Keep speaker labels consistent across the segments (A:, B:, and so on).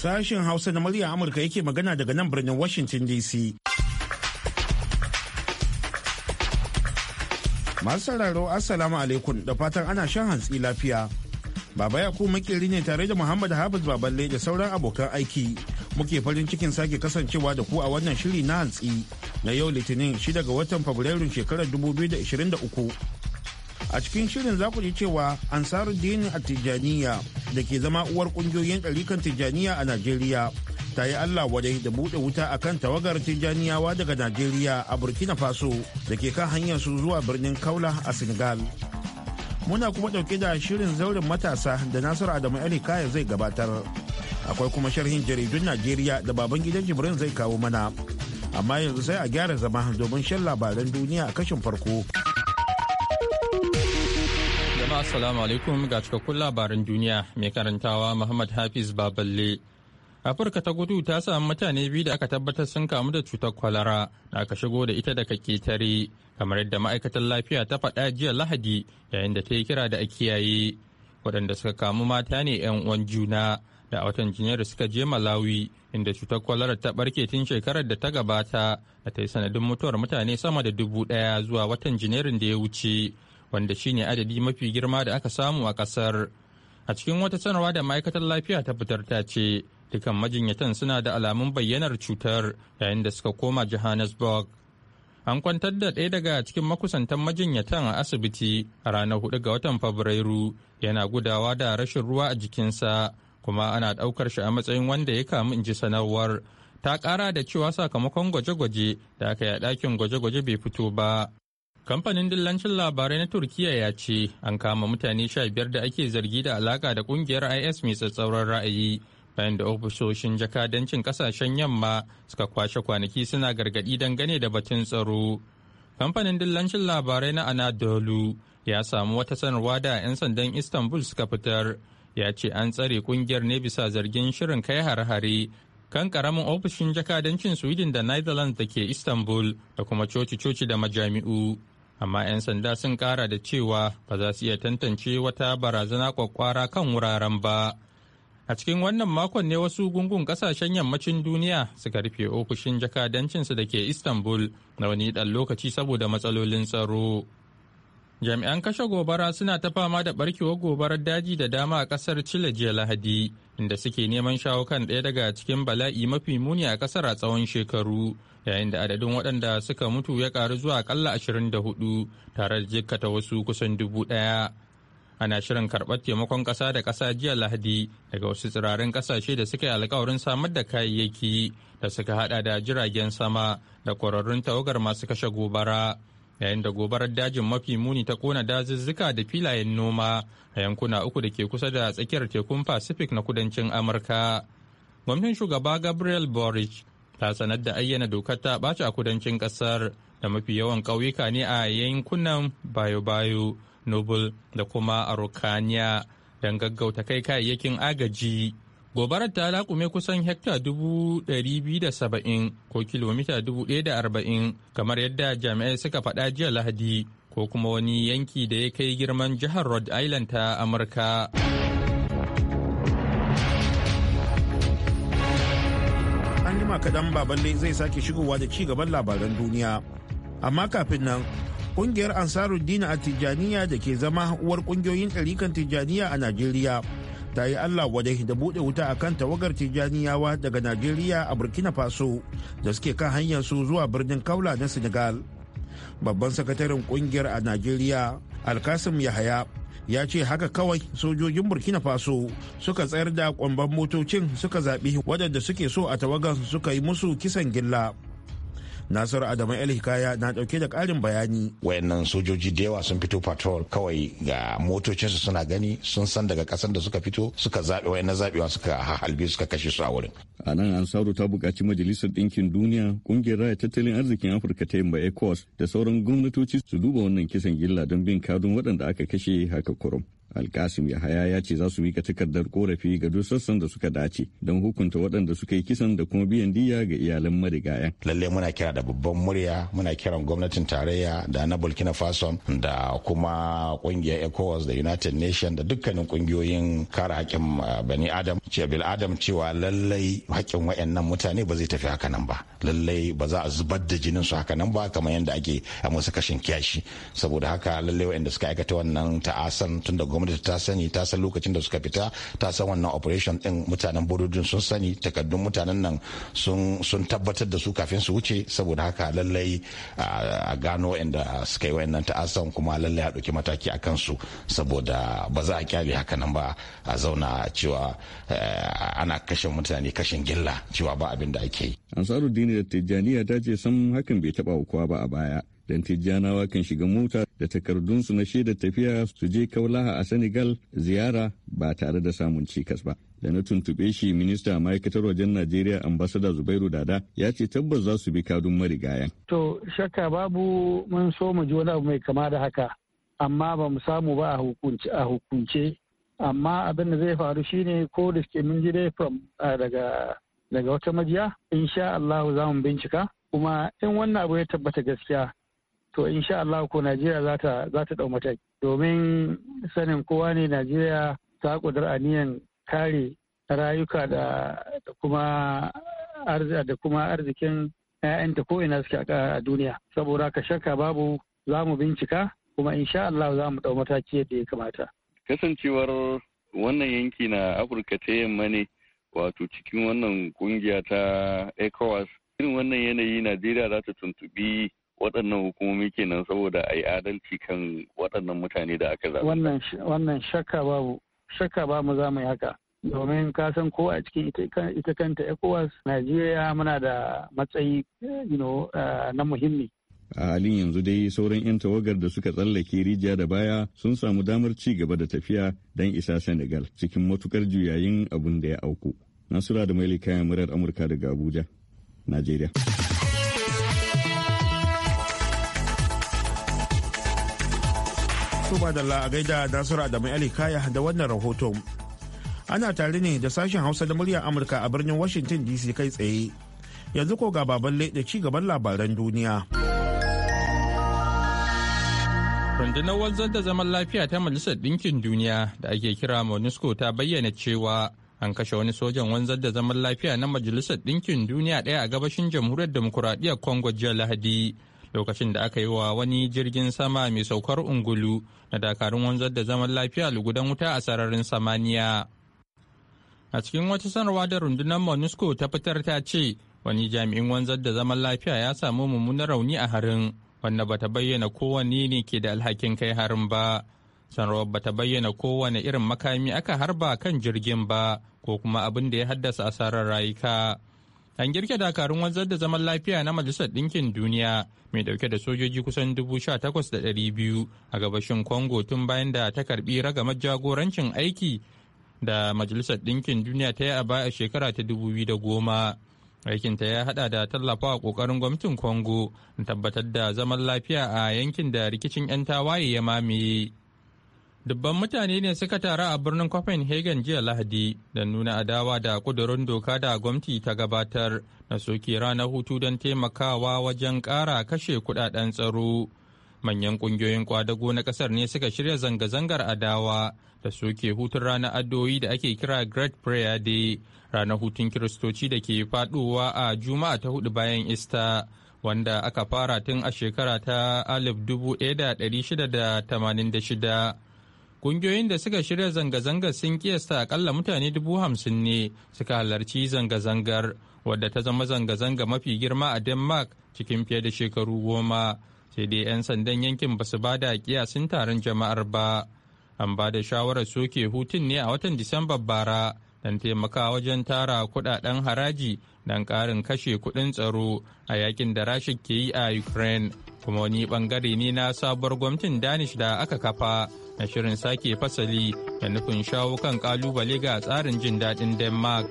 A: Sashen Hausa na murya Amurka yake magana daga nan birnin Washington DC. Masu sauraro Assalamu alaikum da fatan ana shan hantsi lafiya. Baba Yakubu makeri ne tare da Muhammad Hafiz Baballe da sauran abokan aiki. Muke farin cikin sake kasancewa da ku a wannan shiri na hantsi na yau Litinin 6 ga watan Fabrairun shekarar 2023. a cikin shirin za ku ji cewa dini a tijjaniya da ke zama uwar kungiyoyin ɗarikan tijjaniya a najeriya ta yi allah wadai da buɗe wuta a kan tawagar tijjaniyawa daga najeriya a burkina faso da ke kan hanyar su zuwa birnin kaula a senegal muna kuma ɗauke da shirin zauren matasa da nasiru adamu ali kaya zai gabatar akwai kuma sharhin jaridun najeriya da baban gidan jibrin zai kawo mana amma yanzu sai a gyara zama domin shan labaran duniya a kashin farko.
B: Jama'a Assalamu alaikum ga cikakkun labaran duniya mai karantawa Muhammad Hafiz Baballe. Afirka ta gudu ta samu mutane biyu da aka tabbatar sun kamu da cutar kwalara da aka shigo da ita daga ketare kamar yadda ma'aikatar lafiya ta faɗa jiya Lahadi yayin da ta yi kira da a kiyaye. Waɗanda suka kamu mata ne 'yan uwan juna da a watan Janairu suka je Malawi inda cutar kwalara ta ɓarke tun shekarar da ta gabata da ta yi sanadin mutuwar mutane sama da dubu ɗaya zuwa watan Janairun da ya wuce. wanda shine adadi mafi girma da aka samu a kasar a cikin wata sanarwa da ma'aikatar lafiya ta fitar ta ce dukan majinyatan suna da alamun bayyanar cutar yayin da suka koma johannesburg an kwantar da ɗaya daga cikin makusantan majinyatan a asibiti a ranar hudu ga watan fabrairu yana gudawa da rashin ruwa a jikinsa kuma ana ɗaukar shi a matsayin wanda ya kamu in ji sanarwar ta ƙara da cewa sakamakon gwaje-gwaje da aka yi a ɗakin gwaje-gwaje bai fito ba Kamfanin dillancin labarai na Turkiyya ya ce an kama mutane sha biyar da ake zargi da alaka da kungiyar IS mai tsatsauran ra'ayi bayan da ofisoshin jakadancin kasashen yamma suka kwashe kwanaki suna gargadi dangane da batun tsaro. Kamfanin dillancin labarai na Anadolu ya samu wata sanarwa da 'yan sandan Istanbul suka fitar ya ce an tsare kungiyar ne bisa zargin shirin kai har-hare kan karamin ofishin jakadancin Sweden da Netherlands da ke Istanbul da kuma coci-coci da majami'u. amma 'yan sanda sun kara da cewa ba za su iya tantance wata barazana kwakwara kan wuraren ba a cikin wannan makon ne wasu gungun kasashen yammacin duniya suka rufe ofishin jakadancinsu da ke istanbul na wani ɗan lokaci saboda matsalolin tsaro jami'an kashe gobara suna ta fama da barkewar gobarar daji da dama a kasar chile jiya lahadi inda suke neman shawo kan ɗaya daga cikin bala'i mafi muni a kasar a tsawon shekaru yayin da adadin waɗanda suka mutu ya ƙaru zuwa akalla 24 tare da jikkata wasu kusan dubu ɗaya ana shirin karɓar taimakon ƙasa da ƙasa jiya lahadi daga wasu tsirarin ƙasashe da suka yi alkawarin samar da kayayyaki da suka haɗa da jiragen sama da ƙwararrun tawagar masu kashe gobara yayin da gobarar dajin mafi muni ta kona dazuzzuka da filayen noma a yankuna uku da ke kusa da tsakiyar tekun pacific na kudancin amurka gwamnatin shugaba gabriel boric ta sanar da ayyana dokar ta ɓaci a kudancin ƙasar da mafi yawan ƙauyuka ne a yankunan bayo-bayo noble da kuma arokaniya don gaggauta kai kayayyakin agaji gobarar ta laƙume kusan hekta dubu 270 ko kilomita 1,040 kamar yadda jami'ai suka faɗa jiya lahadi ko kuma wani yanki da ya kai girman jihar rhode island ta amurka an jima kaɗan baballe zai sake shigowa da
A: ci gaban labaran duniya amma kafin nan kungiyar ansaruddin a tijjaniya da ke zama uwar ƙungiyoyin ɗarikan tijjaniya a najeriya ta yi Allah wadai da buɗe wuta a kan tawagar tijaniyawa daga Najeriya a Burkina Faso da suke kan hanyar su zuwa birnin Kaula na Senegal. Babban sakataren kungiyar a Najeriya, Alkasim Yahaya, ya ce haka kawai sojojin burkina faso suka tsayar da kwamban motocin suka zaɓi waɗanda suke so a tawagar suka yi musu kisan gilla Nasiru Adamu El na dauke da karin bayani.
C: Wayannan sojoji da yawa sun fito patrol kawai ga motocinsu suna gani sun san daga kasan da suka fito suka zaɓe wayannan zaɓewa suka halbe suka kashe su a wurin.
D: A nan Ansaru ta buƙaci Majalisar Ɗinkin Duniya, Ƙungiyar Raya Tattalin Arzikin Afirka ta Yamma ECOWAS da sauran gwamnatoci su duba wannan kisan gilla don bin kadun waɗanda aka kashe haka kurum. alkasim yahaya ya ce za su mika takardar korafi ga duk sassan
C: da suka dace don hukunta waɗanda suka yi kisan da kuma biyan diya ga iyalan marigayan lalle muna kira da babban murya muna kiran gwamnatin tarayya da na burkina faso da kuma kungiyar ecowas da united nation da dukkanin kungiyoyin kare haƙƙin uh, bani adam ce bil adam cewa lallai haƙƙin wayannan mutane ba zai tafi haka nan ba lallai ba za a zubar da jinin su haka nan ba kamar yadda ake a musu kashin kiyashi saboda haka lallai wayanda suka aikata wannan ta'asan tun da gwamnati ta sani ta san lokacin da suka fita ta san wannan operation din mutanen bodojin sun sani takardun mutanen nan sun tabbatar da su kafin su wuce saboda haka lallai a gano inda suka yi wayannan ta'asan kuma lallai a ɗauki mataki a kansu saboda ba za a kyale haka nan ba a zauna cewa eh, ana kashe mutane kashin gilla cewa ba abin da ake yi.
D: Ansaruddin da Tijjaniya ta ce san hakan bai taɓa kowa ba a baya. don tijjanawa kan shiga mota da takardunsu na shaidar tafiya su je kaulaha a senegal ziyara ba tare da samun cikas ba da na tuntuɓe shi minista ma'aikatar wajen najeriya ambasada zubairu dada ya ce tabbas za su bi kadun marigayan.
E: to shakka babu mun so mu ji wani abu mai kama da haka amma ba mu samu ba a hukunce amma abin da zai faru shine ko da suke mun ji daga daga wata majiya insha allahu za mu bincika kuma in wannan abu ya tabbata gaskiya to insha Allah ko Najeriya za ta za ta mataki domin sanin kowa ne Najeriya ta a aniyan kare rayuka da kuma da kuma arzikin 'ya'yanta ko ina suke a duniya saboda ka shakka babu za mu bincika kuma insha Allah za mu dau mataki yadda ya kamata kasancewar wannan yanki na Afirka ta yamma ne wato cikin wannan kungiya ta ECOWAS irin wannan yanayi Najeriya za ta tuntubi waɗannan hukumomi kenan saboda a yi adalci kan waɗannan mutane da aka zaɓa. Wannan shakka babu, shakka ba mu za mu haka. Domin ka san ko a cikin ita kanta ECOWAS, Najeriya muna da matsayi eh, na muhimmi.
D: a halin yanzu dai sauran 'yan tawagar da suka tsallake rijiya da baya sun samu damar ci gaba da tafiya don isa senegal cikin matukar juyayin abin da ya auku nasura da mailika murar amurka daga abuja najeriya
A: Tuba da a gaida Nasiru Adamu Ali Kaya da wannan rahoton. Ana tare ne da sashen Hausa da muryar Amurka a birnin Washington DC kai tsaye. Yanzu ko ga baballe da ci gaban
B: labaran duniya. Rundunar wanzar da zaman lafiya ta Majalisar Ɗinkin Duniya da ake kira MONUSCO ta bayyana cewa an kashe wani sojan wanzar da zaman lafiya na Majalisar Ɗinkin Duniya ɗaya a gabashin Jamhuriyar Demokuraɗiyyar Congo jiya Lahadi. lokacin da aka yi wa wani jirgin sama mai saukar ungulu na dakarun wanzar da zaman lafiya lugudan wuta a sararin samaniya a cikin wata sanarwa da rundunar monusco ta fitar ta ce wani jami'in wanzar da zaman lafiya ya samu mummunar rauni a harin wanda bata bayyana kowane ne ke da alhakin kai harin ba sanarwar bata bayyana kowane irin makami aka harba kan jirgin ba ko kuma abin da ya haddasa asarar rayuka an girke dakarun wanzar da zaman lafiya na majalisar ɗinkin duniya mai dauke da sojoji kusan biyu a gabashin congo tun bayan da ta karbi ragamar jagorancin aiki da majalisar ɗinkin duniya ta yi a baya shekara ta da goma aikinta ya hada da tallafawa kokarin gwamnatin congo tabbatar da zaman lafiya a yankin da rikicin 'yan tawaye ya mamaye Dubban mutane ne suka taru a birnin Copenhagen jiya Lahadi da nuna adawa da kudurin doka da gwamnati ta gabatar na soke ranar hutu don taimakawa wajen ƙara kashe kudaden tsaro. Manyan ƙungiyoyin kwadago na ƙasar ne suka shirya zanga-zangar adawa da soke hutun ranar addu'o'i da ake kira Great Prayer Day, ranar hutun Kiristoci da ke faɗowa a Juma'a ta hudu bayan ista wanda aka fara tun a shekara ta 1686 Kungiyoyin da suka shirya zanga-zangar sun kiyasta akalla mutane dubu hamsin ne suka halarci zanga-zangar wadda ta zama zanga-zanga mafi girma a Denmark cikin fiye da shekaru goma. Sai dai 'yan sandan yankin ba su ba da kiyasin taron jama'ar ba. An ba da shawarar soke hutun ne a watan Disamba bara don taimaka wajen tara kudaden haraji don karin kashe kudin tsaro a yakin da rasha ke yi a Ukraine. Kuma wani bangare ne na sabuwar gwamnatin Danish da aka kafa na shirin sake fasali da nufin shawo kan kalubale ga tsarin jin daɗin denmark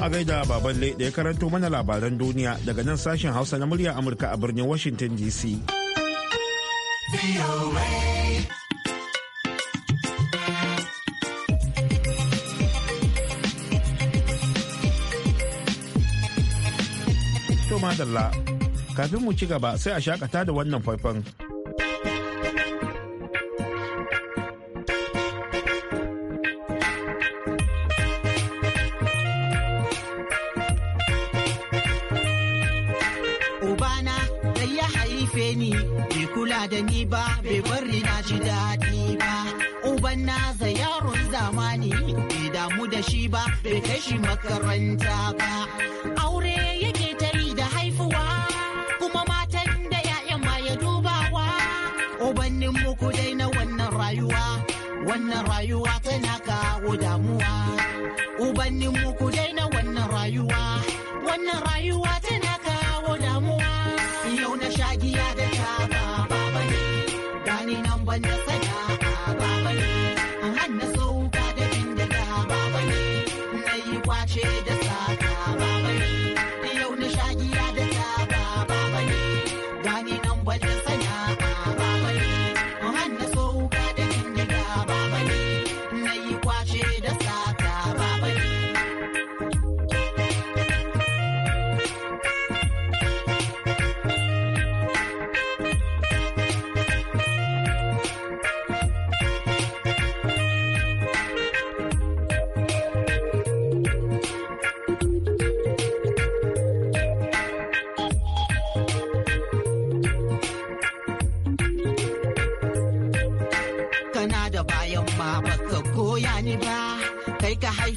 B: a
A: gaida baballe da ya karanto mana labaran duniya daga nan sashen hausa na murya amurka a birnin washington dc to madalla kafin mu ci gaba sai a shakata da wannan faifan.
F: Ubana dai ya haife ni, bai kula da ni ba, bai bari na ji daɗi ba. Uban naza yaron zamani, bai damu da shi ba, bai kai shi makaranta ba. Aure halin muku dai na wannan rayuwa wannan rayuwa tana kawo damuwa ubannin muku dai na wannan rayuwa wannan rayuwa tana kawo damuwa yau na shagiya da ta ba ba ne gani nan ban da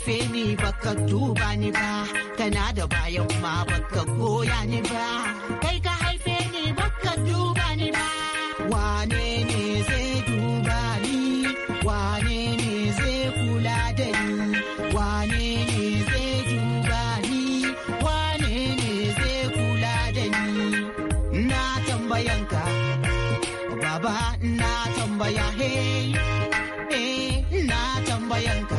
F: haife ni baka duba ni ba kana da bayan ma baka goya ni ba kai ka haife ni baka duba ni ba wane ne zai duba ni wane ne zai kula da ni wane ne zai duba ni wane ne zai kula da ni na tambayanka baba na tambaya hey eh na tambayanka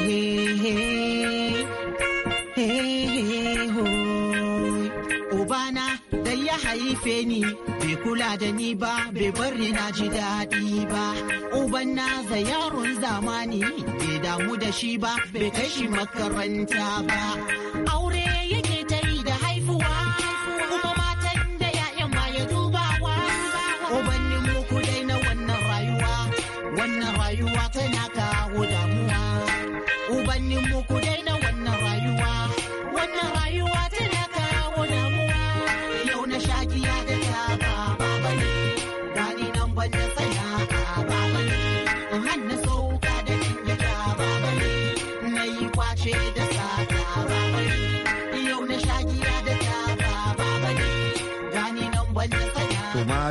F: rufe ni bai kula da ni ba bai bar ni na ji daɗi ba uban na za yaron zamani bai damu da shi ba bai kai shi makaranta ba aure yake ta yi da haifuwa kuma matan da ya'yan ma ya dubawa ni muku dai na wannan rayuwa wannan rayuwa tana kawo damuwa ni muku dai na wannan rayuwa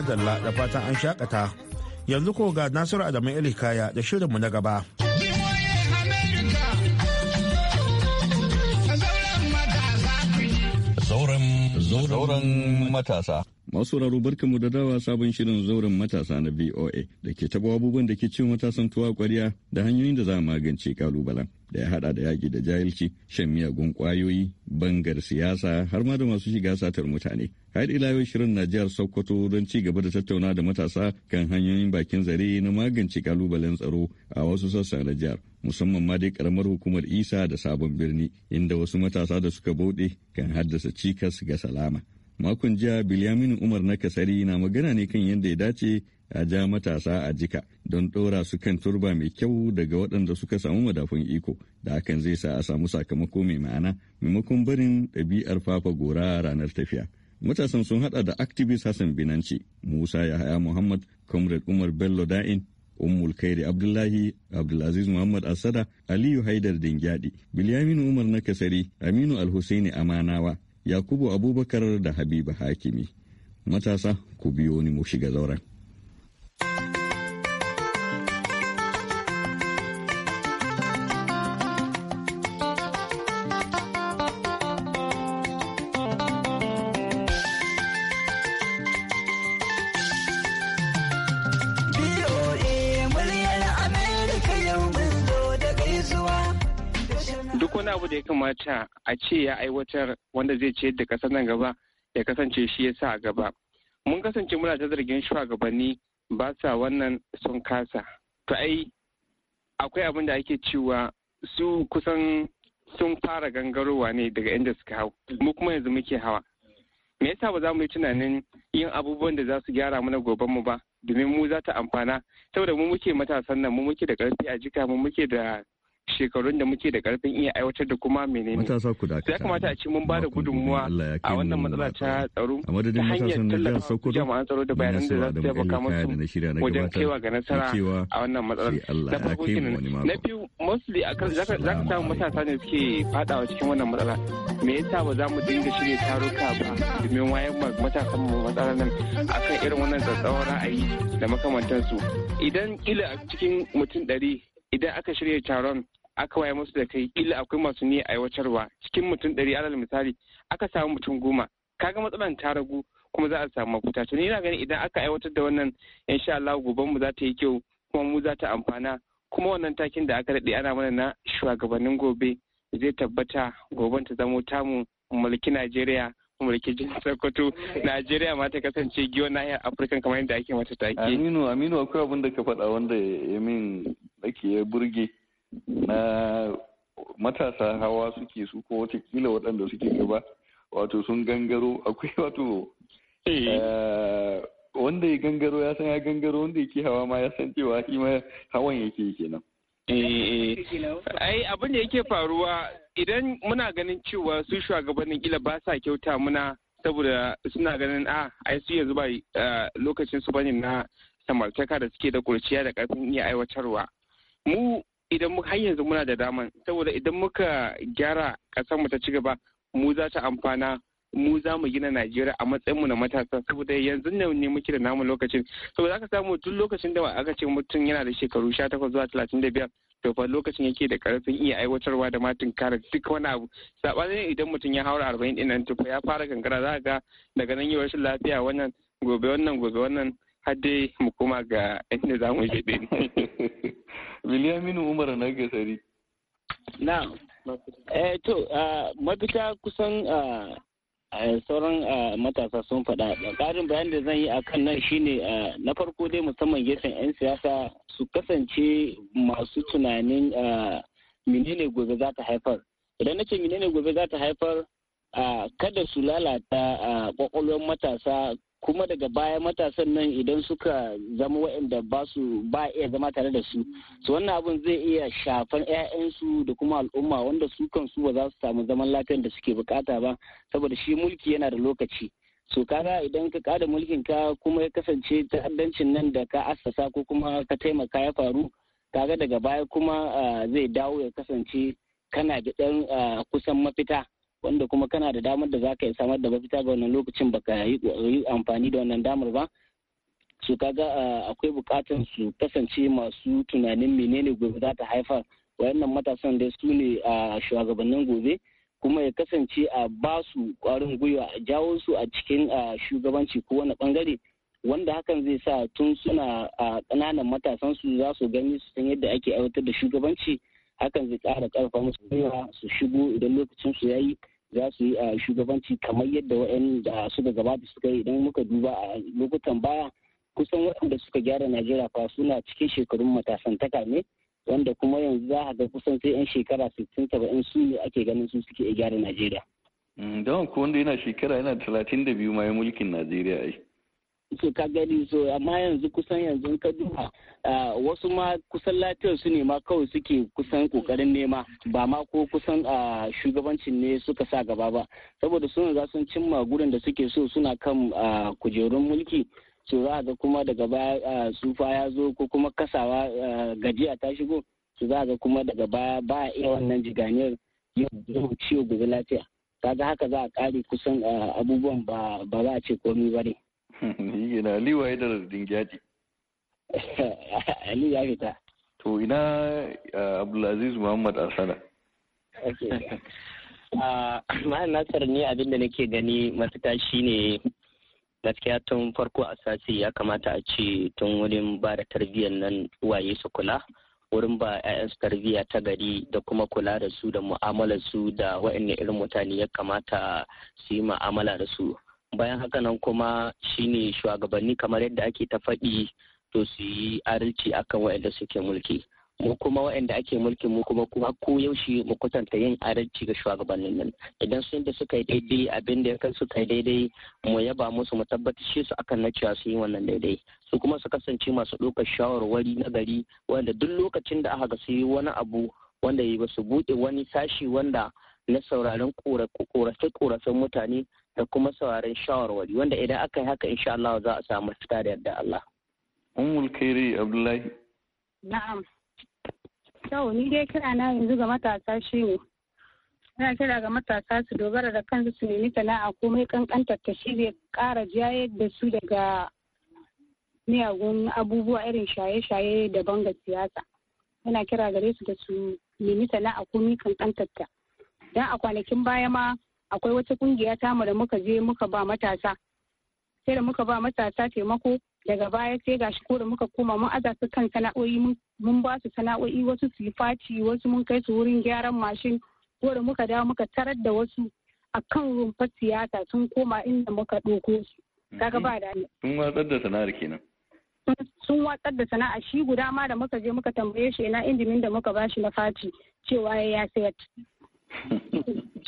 A: zalla da fatan an shakata yanzu ko ga nasiru adamu kaya da shirinmu na gaba
D: zauren matasa Masu sauraro barkanmu da dawa sabon shirin zauren matasa na VOA da ke tabo abubuwan da ke cin matasan tuwa kwarya da hanyoyin da za a magance kalubalen da ya hada da yaki da jahilci, shan miyagun kwayoyi bangar siyasa har ma da masu shiga satar mutane. Har ila yau shirin na jihar Sokoto don ci gaba da tattauna da matasa kan hanyoyin bakin zare na magance kalubalen tsaro a wasu sassa na jihar. musamman ma dai karamar hukumar isa da sabon birni inda wasu matasa da suka bude kan haddasa cikas ga salama makon jiya bilyamin umar na kasari na magana ne kan yadda ya dace a ja matasa a jika don ɗora su kan turba mai kyau daga waɗanda suka samu madafun iko da hakan zai sa a samu sakamako mai ma'ana maimakon barin ɗabi'ar fafa gora ranar tafiya matasan sun haɗa da activist hassan binanci musa yahaya muhammad comrade umar bello da'in ummul kairi abdullahi abdulaziz muhammad asada aliyu haidar dingyadi bilyamin umar na kasari aminu alhusaini amanawa Yakubu Abubakar da Habiba Hakimi. Matasa ku biyo ni mu shiga zauren.
G: wani abu da ya kamata a ce ya aiwatar wanda zai ce da kasar nan gaba ya kasance shi ya sa a gaba mun kasance muna ta zargin shugabanni ba sa wannan sun kasa to ai akwai abin da ake cewa su kusan sun fara gangarowa ne daga inda suka hau mu kuma yanzu muke hawa me yasa ba za mu yi tunanin yin abubuwan da za su gyara mana goben mu ba domin mu za ta amfana saboda mu muke matasan nan mu muke da karfi a jika mu muke da shekarun da muke da karfin iya aiwatar da kuma menene matasa ku dakata ya kamata a ce mun ba da gudunmuwa a wannan matsala ta tsaro a madadin matasan na jihar Sokoto jama'an tsaro da bayanan da za su taimaka musu wajen kaiwa ga nasara a wannan matsalar na farko kenan na biyu mostly kan za zaka samu matasa ne suke fadawa cikin wannan matsala me yasa ba za mu dinga shirya taruka ba domin wayan matasan mu matsalar nan akan irin wannan tsatsauran ra'ayi da makamantansu idan kila a cikin mutum ɗari idan aka shirya taron aka waye musu da kai illa akwai masu ni aiwatarwa cikin mutum ɗari alal misali aka samu mutum goma kaga matsalan ta ragu kuma za a samu mafuta to ni ina ganin idan aka aiwatar da wannan insha Allah goban mu za ta yi kyau kuma mu za ta amfana kuma wannan takin da aka daɗe ana mana na shugabannin gobe zai tabbata goban ta zamo tamu mulki Najeriya mulki jin Sokoto Najeriya ma ta kasance giyo nahiyar Afirka kamar yadda ake mata take Aminu
E: Aminu akwai abin da ka faɗa wanda ya min nake ya burge na matasa hawa suke su ko watakila waɗanda suke gaba wato sun gangaro akwai wato eh. Eh, wanda ya gangaro ya san ya gangaro wanda yake hawa ma ya san cewa shi ma hawan yake kenan
G: eh, ai abin da yake faruwa idan muna ganin cewa su shugabannin kila ba sa kyauta muna saboda suna ganin a ah, ai su yanzu ba lokacin su bane na samartaka da suke da kurciya da karfin iya aiwatarwa mu idan muka har yanzu muna da daman saboda idan muka gyara mu ta ci gaba mu za ta amfana mu za mu gina Najeriya a matsayinmu na matasa saboda yanzu ne ne muke da namu lokacin saboda aka samu duk lokacin da aka ce mutum yana da shekaru 18 zuwa 35 to fa lokacin yake da karfin iya aiwatarwa da matin kare duk wani abu sabanin idan mutum ya haura 40 din nan to ya fara gangara za ga daga nan yi rashin lafiya wannan gobe wannan gobe wannan har dai mu koma ga inda za mu je Biliyaminu Umar na gasari.
H: Na, eh to mafita kusan sauran matasa sun faɗa ƙarin bayan da zan yi a kan nan shine na farko dai musamman gefen 'yan siyasa su kasance masu tunanin menene gobe za ta haifar idan nace menene gobe za ta haifar kada su lalata kwakwalwar matasa kuma daga baya matasan nan idan suka zama waɗanda ba su ba iya zama tare da su su wannan abin zai iya shafan 'ya'yansu da kuma al'umma wanda su kansu ba za su samu zaman lafiyar da suke bukata ba saboda shi mulki yana da lokaci so kaga idan ka kada mulkin ka kuma ya kasance ta'addancin nan da ka assasa ko kuma ka taimaka ya faru kaga daga baya kuma ah, zai dawo ya kasance kana da dan ah, kusan mafita wanda kuma kana da damar da za ka samar da mafita ga wannan lokacin ba ka yi amfani da wannan damar ba su ka ga ah, akwai bukatar su kasance masu tunanin menene gobe za ta haifar wayannan matasan dai su ne a ah, shugabannin gobe kuma ya kasance a ba su kwarin gwiwa a jawo su a cikin ah, shugabanci ko wani bangare wanda hakan zai sa tun suna a ƙananan matasan su za su gani su san yadda ake aiwatar da shugabanci hakan zai kara karfa musu gwiwa su shigo idan lokacin su yayi za su yi ah, shugabanci kamar yadda waɗanda suka gabata suka yi idan muka duba a lokutan baya kusan waɗanda suka gyara najeriya fa suna cikin shekarun matasantaka ne wanda kuma yanzu za a ga kusan sai 'yan shekara sittin saba'in su ne ake ganin su suke gyara najeriya.
E: Mm, don ko wanda yana shekara yana talatin da biyu mayan mulkin najeriya ai.
H: su ka gani so amma yanzu kusan yanzu ka duba wasu ma kusan lafiyar su ne ma kawai suke kusan kokarin nema ba ma ko kusan shugabancin ne suka sa gaba ba saboda sun za sun cimma gurin da suke so suna kan kujerun mulki su za ga kuma daga baya sufa ya zo ko kuma kasawa gajiya ta shigo su za ga kuma daga baya ba a iya wannan jiganiyar yau ciwo gobe lafiya kaga haka za a kare kusan abubuwan ba za a ce komai ba ne. Ni na Aliyu
E: Haidar Dingyadi.
H: Aliyu ya fita. To ina uh, Abdulaziz Muhammad Asana. Ma'an Nasar ni abinda nake gani mafita ne. gaskiya tun farko a sasi ya kamata a ce tun wurin ba da tarbiyyar nan waye su kula wurin ba 'ya'yansu tarbiyya ta gari da kuma kula da su da mu'amalar su da wa'anne irin mutane ya kamata su yi mu'amala da su bayan haka nan kuma shine shugabanni kamar yadda ake ta faɗi to su yi adalci akan waɗanda suke mulki mu kuma waɗanda ake mulki mu kuma kuma ko yaushe mu kwatanta yin adalci ga shugabannin nan idan sun da suka yi daidai abinda ya kai suka yi daidai mu yaba musu mu tabbatar shi su akan na cewa su yi wannan daidai su kuma su kasance masu ɗaukar shawarwari na gari wanda duk lokacin da aka ga su yi wani abu wanda ba su buɗe wani sashi wanda na sauraron korafe-korafen mutane da kuma sauraron shawarwari wanda idan aka yi haka insha Allah za a samu fita da yarda Allah.
E: Umul Kairi Abdullahi.
I: Na'am. Yau ni dai kira na yanzu ga matasa shi ne. Ina kira ga matasa su dogara da kansu su nemi sana'a komai kankantar ta shi zai kara jayar da su daga miyagun abubuwa irin shaye-shaye daban ga siyasa. yana kira gare su da su nemi sana'a komai kankantar ta. Dan a kwanakin baya ma akwai wata kungiya mu da muka je muka ba matasa sai da muka ba matasa taimako daga baya sai gashi ko da muka koma mun aza su kan sana'o'i mun ba su sana'o'i wasu su yi faci wasu mun kai su wurin gyaran mashin ko da muka dawo muka tarar da wasu akan rumfar siyasa sun koma inda muka ɗauko su kaga ba mhm.
E: da sun watsar da sana'ar kenan
I: sun watsar da sana'a shi guda ma da muka je muka tambaye shi ina indimin da muka bashi na faci cewa ya sayar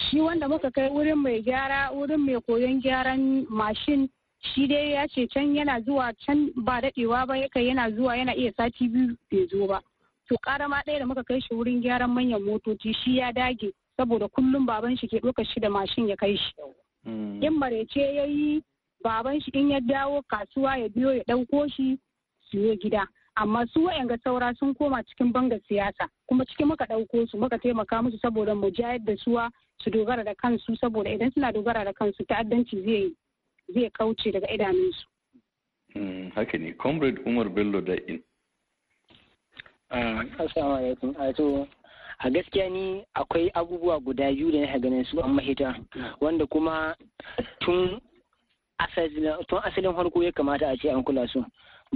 I: shi wanda muka kai wurin mai gyara wurin mai koyon gyaran mashin shi dai ya ce can yana zuwa can ba daɗewa ba kai yana zuwa yana iya sati biyu bai zo ba to ƙarama ɗaya da muka kai shi wurin gyaran manyan motoci shi ya dage saboda kullum baban shi ke ɗaukar shi da mashin ya kai shi hmm. in marece ya yi baban shi in ya dawo kasuwa ya biyo ya ɗauko shi siyo gida amma su ga saura sun koma cikin banga siyasa kuma cikin muka ɗauko su muka taimaka musu saboda mu jayar da suwa su dogara da kansu saboda idan suna dogara da kansu ta'addanci zai zai kauce daga idanunsu. Hmm,
E: haka ne comrade umar bello da in
H: ah, assalamu alaikum ah, to a gaskiya ni akwai abubuwa guda biyu da na ganin su an mahita wanda kuma tun asalin harko ya kamata a ce an kula su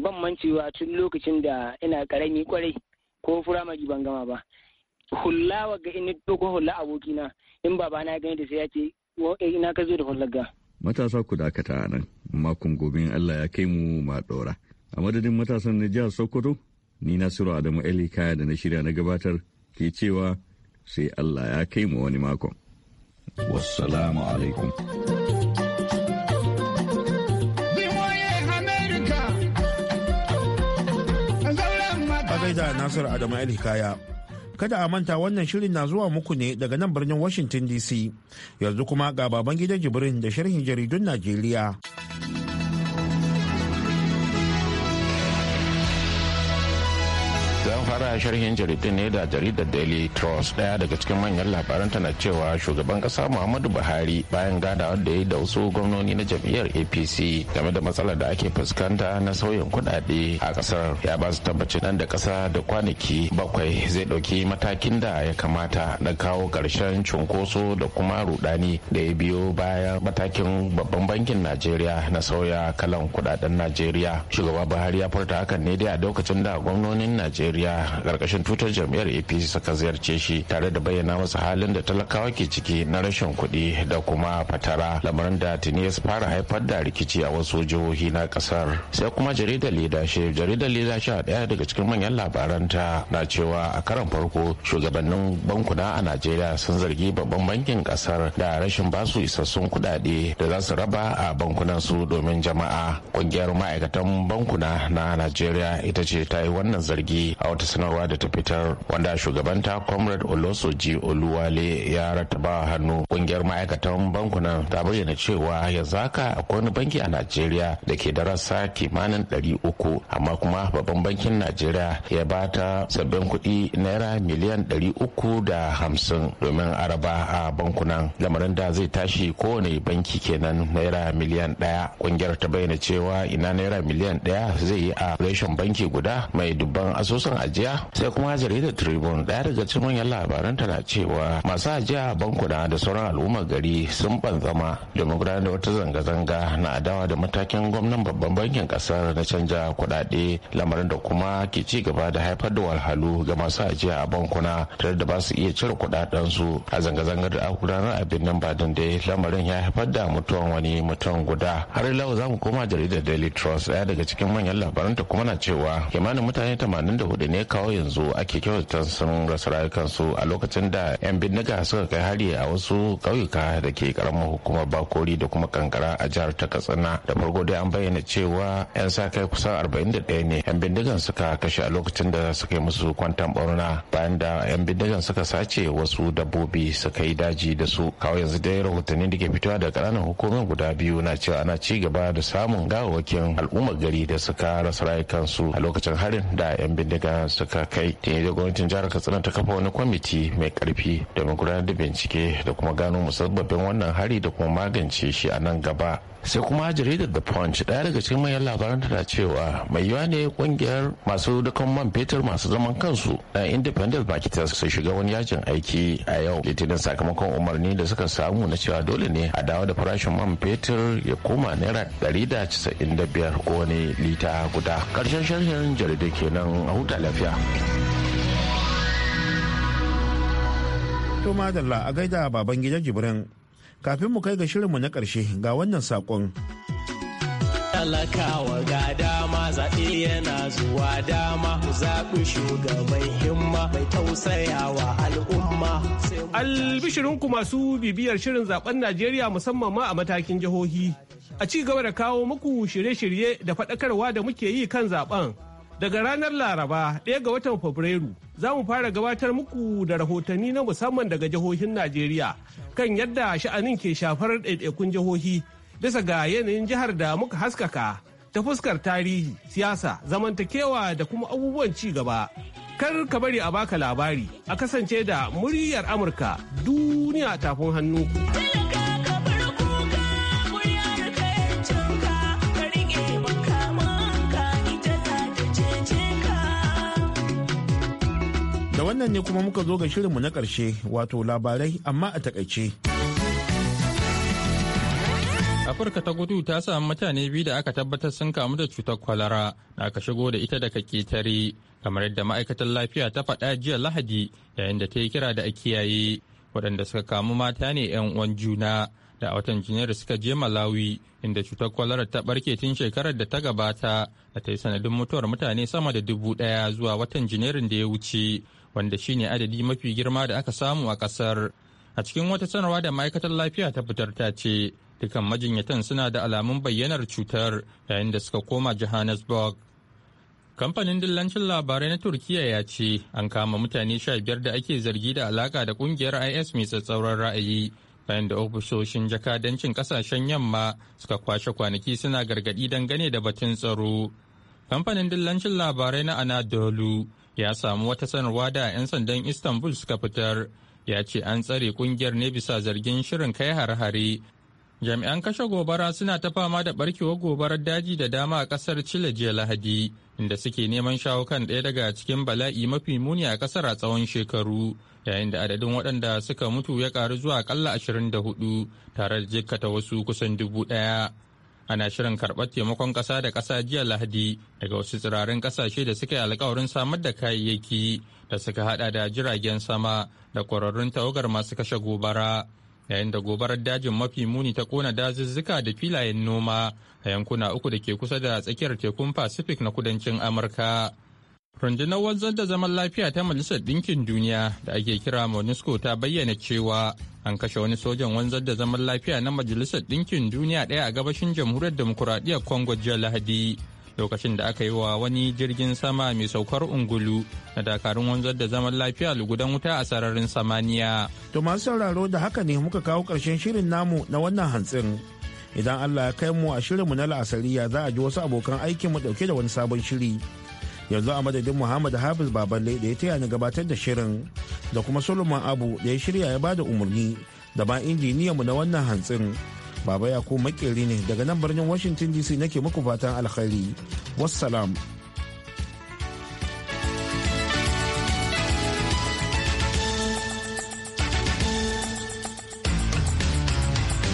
H: ban mancewa tun lokacin da ina karami kwarai ko firamare ban gama ba Hulawa ga ina dogon hula abokina in babana ya gani da sai ya ce eh, ina ka zo da hullar ga
D: matasa ku dakata a nan makon gobe Allah ya kai mu ma ɗora a madadin matasan na jihar Sokoto ni Nasiru Adamu Eli kaya da na shirya na gabatar ke cewa sai Allah ya kai mu wani makon wassalamu
A: alaikum gaida Nasiru Adamu El Hikaya. Kada a manta wannan shirin na zuwa muku ne daga nan birnin Washington DC. Yanzu kuma ga baban gidan Jibrin da sharhin jaridun Najeriya.
J: sharhin jaridun ne da jaridar daily trust daya daga cikin manyan labaran tana cewa shugaban kasa muhammadu buhari bayan gadawar da ya yi da wasu gwamnoni na jam'iyyar apc game da matsalar da ake fuskanta na sauyin kuɗaɗe a kasar ya ba su tabbacin nan da kasa da kwanaki bakwai zai ɗauki matakin da ya kamata na kawo karshen cunkoso da kuma rudani da ya biyo bayan matakin babban bankin najeriya na sauya kalan kuɗaɗen najeriya shugaba buhari ya furta hakan ne dai a lokacin da gwamnonin najeriya karkashin tutar jam'iyyar apc suka ziyarce shi tare da bayyana masa halin da talakawa ke ciki na rashin kuɗi da kuma fatara lamarin da tuni ya fara haifar da rikici a wasu jihohi na ƙasar. sai kuma jaridar shi jaridar a ɗaya daga cikin manyan labaran ta na cewa a karan farko shugabannin bankuna a najeriya sun zargi babban bankin ƙasar da rashin basu isassun kuɗaɗe da za su raba a bankunan su domin jama'a ƙungiyar ma'aikatan bankuna na najeriya ita ce ta yi wannan zargi a wata sanarwa sanarwa da ta fitar wanda shugabanta comrade olosoji oluwale ya rataba hannu kungiyar ma'aikatan bankuna ta bayyana cewa yanzu haka akwai wani banki a najeriya da ke da rassa kimanin uku. amma kuma babban bankin najeriya ya ba ta sabbin kuɗi naira miliyan uku da hamsin domin araba a bankunan lamarin da zai tashi kowane banki kenan naira miliyan ɗaya kungiyar ta bayyana cewa ina naira miliyan ɗaya zai yi a reshen banki guda mai dubban asusun ajiya sai kuma jaridar tribune daya daga cikin manyan labaran tana cewa masu ajiya a bankuna da sauran al'ummar gari sun banzama domin gudanar da wata zanga-zanga na adawa da matakin gwamnan babban bankin kasar na canja kuɗaɗe lamarin da kuma ke ci gaba da haifar da walhalu ga masu ajiya a bankuna tare da ba su iya cire su. a zanga-zangar da aka gudanar a birnin badin dai lamarin ya haifar da mutuwan wani mutum guda har lau za mu koma jaridar daily trust daya daga cikin manyan labaranta kuma na cewa kimanin mutane 84 ne kawo kawo yanzu ake kyautata sun rasa rayukansu a lokacin da 'yan bindiga suka kai hari a wasu ƙauyuka da ke karamar hukumar bakori da kuma kankara a jihar ta katsina da farko dai an bayyana cewa 'yan sa kai kusan 41 ne 'yan bindigan suka kashe a lokacin da suka yi musu kwantan barna bayan da 'yan bindigan suka sace wasu dabbobi suka yi daji da su kawo yanzu dai rahotanni da ke fitowa da ƙananan hukumar guda biyu na cewa ana ci gaba da samun gawawakin al'ummar gari da suka rasa rayukansu a lokacin harin da 'yan bindiga suka ka kai da ya gwamnatin jihar katsina ta kafa wani kwamiti mai karfi mai gudanar da bincike da kuma gano musabbabin wannan hari da kuma magance shi a nan gaba sai kuma jaridar da punch daya daga cikin manyan labaran tana cewa mai yiwa ne kungiyar masu dukan man fetur masu zaman kansu na independent marketers su shiga wani yajin aiki a yau litinin sakamakon umarni da suka samu na cewa dole ne a dawo da farashin man fetur ya koma naira ɗari da casa'in da biyar ko wani lita guda karshen sharhin jaridar kenan a huta lafiya.
A: To madalla a gaida baban gidan jibrin kafin mu kai ga shirinmu na ƙarshe ga wannan saƙon.
H: talakawa ga dama zaɓe yana zuwa dama ku zaɓi shugaban himma mai
G: tausayawa al'umma. Albishirinku masu bibiyar shirin zaben Najeriya musamman ma a matakin jihohi. A ci gaba da kawo muku shirye-shirye da faɗakarwa da muke yi kan zaben Daga ranar Laraba ɗaya ga watan Fabrairu za mu fara gabatar muku da rahotanni na musamman daga jihohin Najeriya kan yadda sha'anin ke shafar ɗaiɗaikun jihohi bisa ga yanayin jihar da muka haskaka ta fuskar tarihi, siyasa, zamantakewa da kuma abubuwan ci gaba. Kar ka bari a baka labari a kasance da muryar Amurka duniya tafin hannu.
A: wannan ne kuma muka zo ga shirinmu na ƙarshe wato labarai amma a takaice.
B: Afirka ta gudu ta samu mutane biyu da aka tabbatar sun kamu da cutar kwalara na aka shigo da ita daga ketare kamar yadda ma'aikatar lafiya ta faɗa jiya lahadi yayin da ta yi kira da a kiyaye waɗanda suka kamu mata ne 'yan uwan juna da a watan janairu suka je malawi inda cutar kwalara ta barke tun shekarar da ta gabata da ta yi sanadin mutuwar mutane sama da dubu ɗaya zuwa watan janairun da ya wuce wanda shine adadi mafi girma da aka samu a kasar a cikin wata sanarwa da ma'aikatar lafiya ta fitar ta ce dukan majinyatan suna da alamun bayyanar cutar yayin da suka koma johannesburg kamfanin dillancin labarai na turkiya ya ce an kama mutane sha biyar da ake zargi da alaka da kungiyar is mai tsatsauran ra'ayi bayan da ofisoshin jakadancin kasashen yamma suka kwashe kwanaki suna gargadi dangane da batun tsaro kamfanin dillancin labarai na anadolu ya samu wata sanarwa da 'yan sandan istanbul suka fitar ya ce an tsare kungiyar ne bisa zargin shirin kai har-hare jami'an kashe gobara suna ta fama da barkewar gobarar daji da dama a kasar chile jiya lahadi inda suke neman shawo kan ɗaya daga cikin bala'i mafi muni a kasar a tsawon shekaru yayin da adadin waɗanda suka mutu ya ƙaru zuwa akalla hudu tare da jikkata wasu kusan dubu ɗaya ana shirin karɓar taimakon ƙasa da ƙasa jiya lahadi daga wasu tsirarin ƙasashe da suka yi alkawarin samar da kayayyaki da suka haɗa da jiragen sama da ƙwararrun tawagar masu kashe gobara yayin da gobarar dajin mafi muni ta kona dazuzzuka da filayen noma a yankuna uku da ke kusa da tsakiyar tekun pacific na kudancin amurka rundunar wanzar da zaman lafiya ta majalisar ɗinkin duniya da ake kira monusco ta bayyana cewa an kashe wani sojan wanzar da zaman lafiya na majalisar ɗinkin duniya ɗaya a gabashin jamhuriyar demokuraɗiyyar congo jiya lahadi lokacin da aka yi wa wani jirgin sama mai saukar ungulu na dakarun wanzar da zaman lafiya lugudan wuta a sararin samaniya.
A: To masu sauraro da haka ne muka kawo ƙarshen shirin namu na wannan hantsin. Idan Allah ya kai mu a shirinmu na la'asariya za a ji wasu abokan aikinmu ɗauke da wani sabon shiri. yanzu a madadin muhammad hafiz baballe da ya taya ni gabatar da shirin da kuma solomon abu da ya shirya ya bada umarni da ma injiniyanmu na wannan hantsin baba ya ko makeri ne daga nan birnin washington dc nake muku fatan alkhairi wassalam